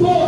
Lord.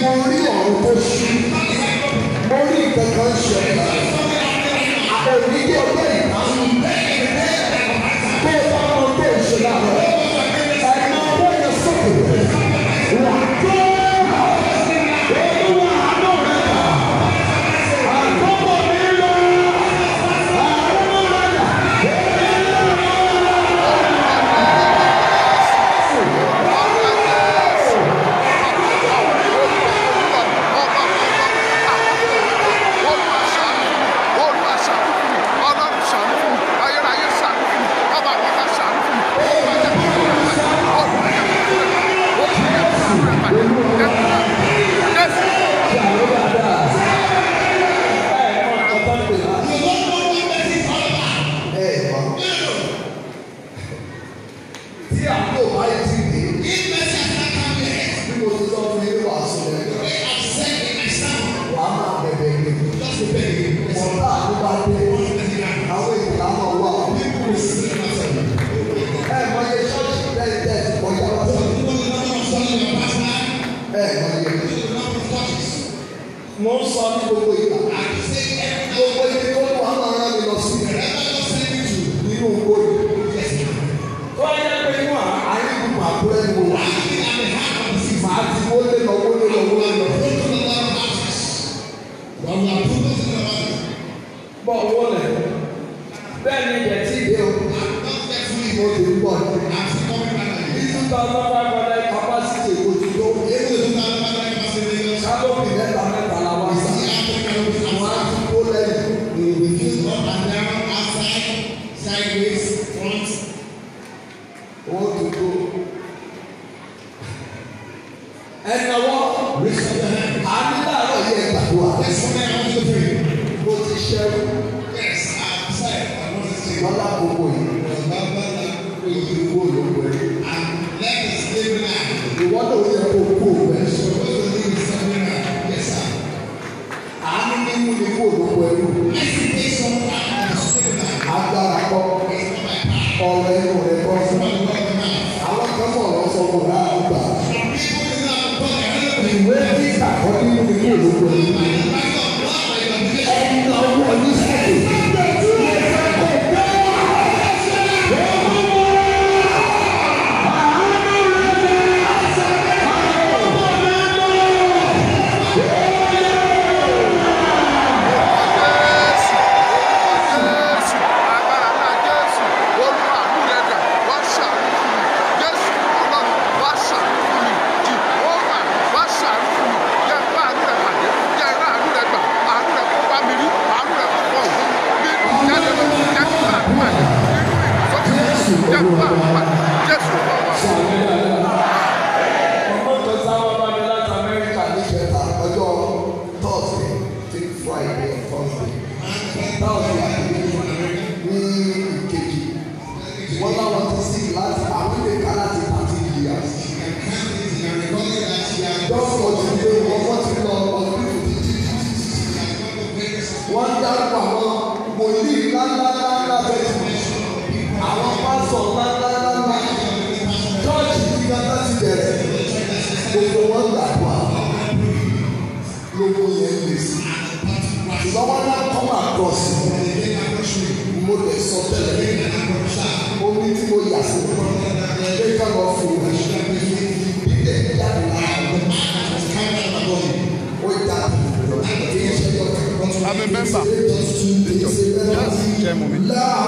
Morió, o posso. sọ ní gbogbo ìgbà. àti gbogbo ibi tó mú àwọn ará mi lọ sí. ẹ̀rẹ́ bá lọ sí ibi jù nínú owó yìí. wọ́n yẹ pé wà á yẹ kó máa kó ẹnu wò. wà á yẹ kí àmì hàn kò sí. màá ti wọlé lọ wọlé lọ wọlé lọ. wọ́n máa tó tó tó lọ. bọ́ wọlé bẹ́ẹ̀ ni ìyẹn ti dé o. àti kọ́ fẹ́ fún ìmọ̀ tó ń bọ̀. àti kọ́ fẹ́ fún ìmọ̀ tó ń bọ̀. Вот именно ей wọ́n gbàdúrà lóko yẹn lè sí ṣùgbọ́n náà kọ́ máa tọ̀ sí mo lè sọ tẹ́lẹ̀ omi tí mo yà sí pé ká lọ fún mi bíbẹ̀ yàrá ó yà kí n ṣe yọ. I'm a member. Yes,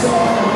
song.